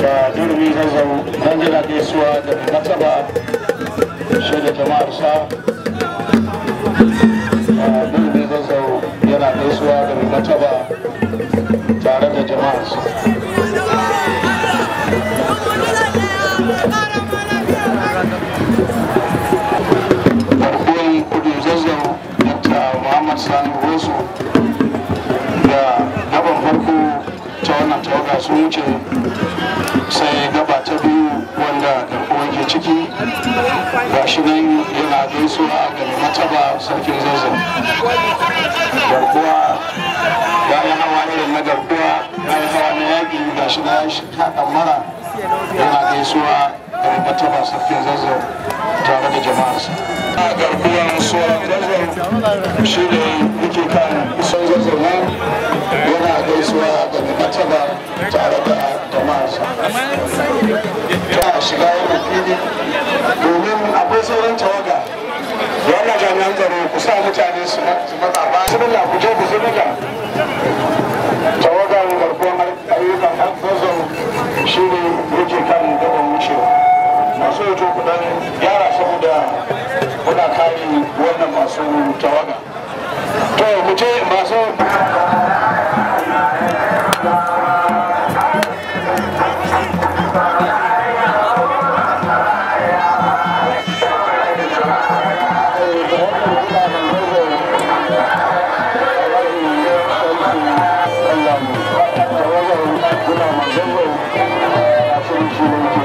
ga durbi zazzau jira gaisuwa da mai matsaba jama'ar sa durbi yana gaisuwa da mai tare da jama'ar sa zazzau da na kasuwancin sai gaba ta biyu wanda garkuwa ke ciki ga shi ne yana gaisuwa ga mataba sarkin zazzau garkuwa bayan hawa irin na garkuwa bayan hawa na yaƙi ga shi na shi kaɗan mara yana gaisuwa mace masu zazzau tare da jama'arsa a zazzau shi ne yake kan isan zazzau yana gaisuwa tare da jama'arsa ta shiga domin akwai sauran tawaga wannan jami'an ku sa mutane su matsa ba su jira muna kare wannan masu tawaga to mu masu Thank you.